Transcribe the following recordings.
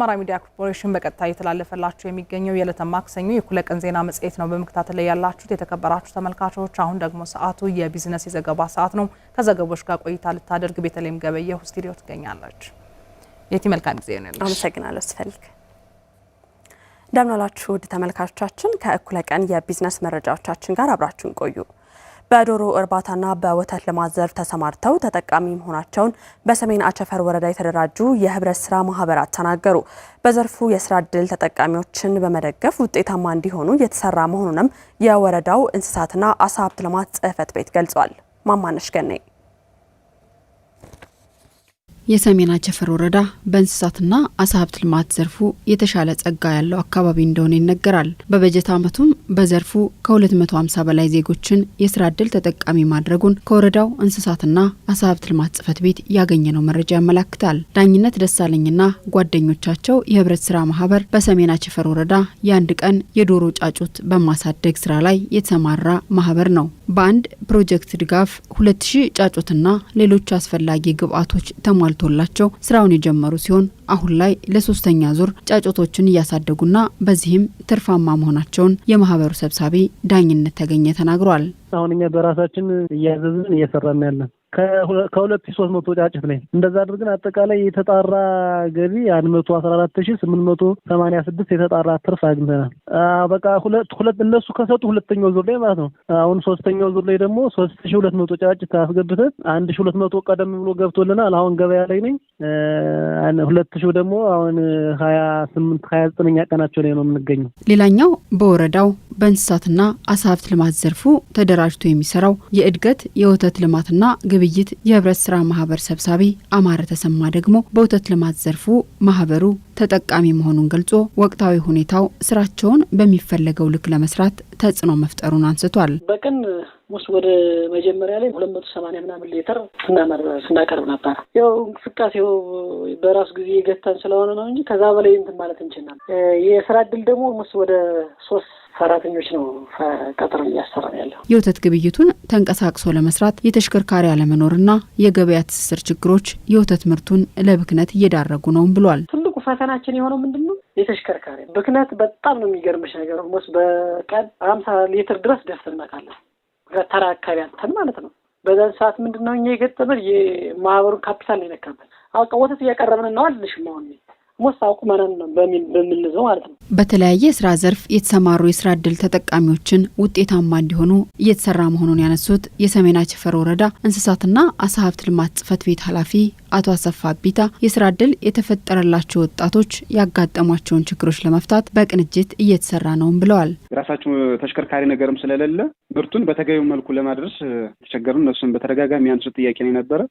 ከአማራ ሚዲያ ኮርፖሬሽን በቀጥታ እየተላለፈላችሁ የሚገኘው የዕለተ ማክሰኞ የእኩለ ቀን ዜና መጽሔት ነው በመከታተል ላይ ያላችሁት። የተከበራችሁ ተመልካቾች፣ አሁን ደግሞ ሰዓቱ የቢዝነስ የዘገባ ሰዓት ነው። ከዘገቦች ጋር ቆይታ ልታደርግ ቤተልሔም ገበየሁ ስቱዲዮ ትገኛለች። የቲ መልካም ጊዜ ነው። አመሰግናለሁ ስፈልግ እንደምናላችሁ ውድ ተመልካቾቻችን ከእኩለ ቀን የቢዝነስ መረጃዎቻችን ጋር አብራችሁን ቆዩ። በዶሮ እርባታና በወተት ልማት ዘርፍ ተሰማርተው ተጠቃሚ መሆናቸውን በሰሜን አቸፈር ወረዳ የተደራጁ የህብረት ስራ ማህበራት ተናገሩ። በዘርፉ የስራ እድል ተጠቃሚዎችን በመደገፍ ውጤታማ እንዲሆኑ የተሰራ መሆኑንም የወረዳው እንስሳትና አሳ ሀብት ልማት ጽህፈት ቤት ገልጿል። ማማነሽ ገነይ የሰሜን አቸፈር ወረዳ በእንስሳትና አሳ ሀብት ልማት ዘርፉ የተሻለ ጸጋ ያለው አካባቢ እንደሆነ ይነገራል። በበጀት ዓመቱም በዘርፉ ከ250 በላይ ዜጎችን የስራ ዕድል ተጠቃሚ ማድረጉን ከወረዳው እንስሳትና አሳ ሀብት ልማት ጽሕፈት ቤት ያገኘነው መረጃ ያመላክታል። ዳኝነት ደሳለኝና ጓደኞቻቸው የህብረት ስራ ማህበር በሰሜን አቸፈር ወረዳ የአንድ ቀን የዶሮ ጫጩት በማሳደግ ስራ ላይ የተሰማራ ማህበር ነው። በአንድ ፕሮጀክት ድጋፍ 2000 ጫጩትና ሌሎች አስፈላጊ ግብዓቶች ተሟልቶ ተሰርቶላቸው ስራውን የጀመሩ ሲሆን አሁን ላይ ለሶስተኛ ዙር ጫጩቶችን እያሳደጉና በዚህም ትርፋማ መሆናቸውን የማህበሩ ሰብሳቢ ዳኝነት ተገኘ ተናግሯል። አሁን እኛ በራሳችን እያዘዝን እየሰራን ያለን ከሁለት ሺህ ሶስት መቶ ጫጭት ላይ እንደዛ አድርገን አጠቃላይ የተጣራ ገቢ አንድ መቶ አስራ አራት ሺ ስምንት መቶ ሰማኒያ ስድስት የተጣራ ትርፍ አግኝተናል። በቃ ሁለት ሁለት እነሱ ከሰጡ ሁለተኛው ዙር ላይ ማለት ነው። አሁን ሶስተኛው ዙር ላይ ደግሞ ሶስት ሺ ሁለት መቶ ጫጭት አስገብተን አንድ ሺ ሁለት መቶ ቀደም ብሎ ገብቶልናል። አሁን ገበያ ላይ ነኝ። ሁለት ሺ ደግሞ አሁን ሀያ ስምንት ሀያ ዘጠነኛ ቀናቸው ላይ ነው የምንገኘው። ሌላኛው በወረዳው በእንስሳትና አሳ ሀብት ልማት ዘርፉ ተደራጅቶ የሚሰራው የእድገት የወተት ልማትና ግብይት የህብረት ስራ ማህበር ሰብሳቢ አማረ ተሰማ ደግሞ በወተት ልማት ዘርፉ ማህበሩ ተጠቃሚ መሆኑን ገልጾ ወቅታዊ ሁኔታው ስራቸውን በሚፈለገው ልክ ለመስራት ተጽዕኖ መፍጠሩን አንስቷል። በቀን ውስጥ ወደ መጀመሪያ ላይ ሁለት መቶ ሰማንያ ምናምን ሌትር ስናቀርብ ነበር። ያው እንቅስቃሴው በራሱ ጊዜ የገታን ስለሆነ ነው እንጂ ከዛ በላይ እንትን ማለት እንችላል። የስራ እድል ደግሞ ስ ወደ ሶስት ሰራተኞች ነው ቀጥር እያሰራ ያለው። የወተት ግብይቱን ተንቀሳቅሶ ለመስራት የተሽከርካሪ አለመኖርና የገበያ ትስስር ችግሮች የወተት ምርቱን ለብክነት እየዳረጉ ነውም ብሏል። ፈተናችን የሆነው ምንድን ነው? የተሽከርካሪ ብክነት በጣም ነው የሚገርምሽ ነገር ሞስ በቀን አምሳ ሊትር ድረስ ደርሰን እናውቃለን። ተራ አካባቢ አንተን ማለት ነው። በዛ ሰዓት ምንድን ነው እኛ የገጠመን የማህበሩን ካፒታል ነው የነካበት። አውቀ ወተት እያቀረብን ነው አልልሽም አሁን ወሳው ቁመናን በሚል በምንዘው ማለት ነው። በተለያየ የስራ ዘርፍ የተሰማሩ የስራ እድል ተጠቃሚዎችን ውጤታማ እንዲሆኑ እየተሰራ መሆኑን ያነሱት የሰሜን አቸፈር ወረዳ እንስሳትና አሳ ሀብት ልማት ጽፈት ቤት ኃላፊ አቶ አሰፋ ቢታ የስራ እድል የተፈጠረላቸው ወጣቶች ያጋጠሟቸውን ችግሮች ለመፍታት በቅንጅት እየተሰራ ነውም ብለዋል። የራሳቸው ተሽከርካሪ ነገርም ስለሌለ ምርቱን በተገቢው መልኩ ለማድረስ ተቸገርን። እነሱን በተደጋጋሚ ያንሱ ጥያቄ ነው የነበረ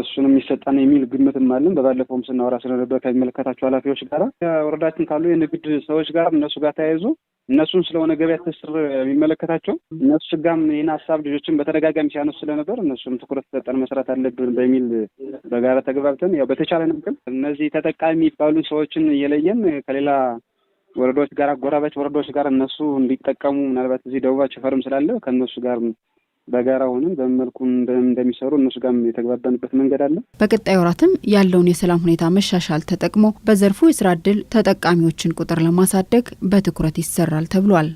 እሱንም ይሰጠን የሚል ግምትም አለን። በባለፈውም ስናወራ ስለነበር ከሚመለከታቸው ኃላፊዎች ጋር ወረዳችን ካሉ የንግድ ሰዎች ጋር እነሱ ጋር ተያይዞ እነሱን ስለሆነ ገበያ ትስስር የሚመለከታቸው እነሱ ስጋም ይህን ሀሳብ ልጆችን በተደጋጋሚ ሲያነሱ ስለነበር እነሱም ትኩረት ሰጠን መስራት አለብን በሚል በጋራ ተግባብተን ያው በተቻለን ግን እነዚህ ተጠቃሚ የሚባሉ ሰዎችን እየለየን ከሌላ ወረዳዎች ጋር አጎራባች ወረዳዎች ጋር እነሱ እንዲጠቀሙ ምናልባት እዚህ ደቡባቸው ፈርም ስላለ ከእነሱ ጋር በጋራ ሆነን በምን መልኩ እንደሚሰሩ እነሱ ጋር የተግባባንበት መንገድ አለ። በቀጣይ ወራትም ያለውን የሰላም ሁኔታ መሻሻል ተጠቅሞ በዘርፉ የስራ እድል ተጠቃሚዎችን ቁጥር ለማሳደግ በትኩረት ይሰራል ተብሏል።